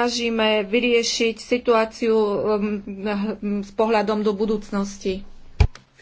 snažíme vyriešiť situáciu um, hm, s pohľadom do budúcnosti.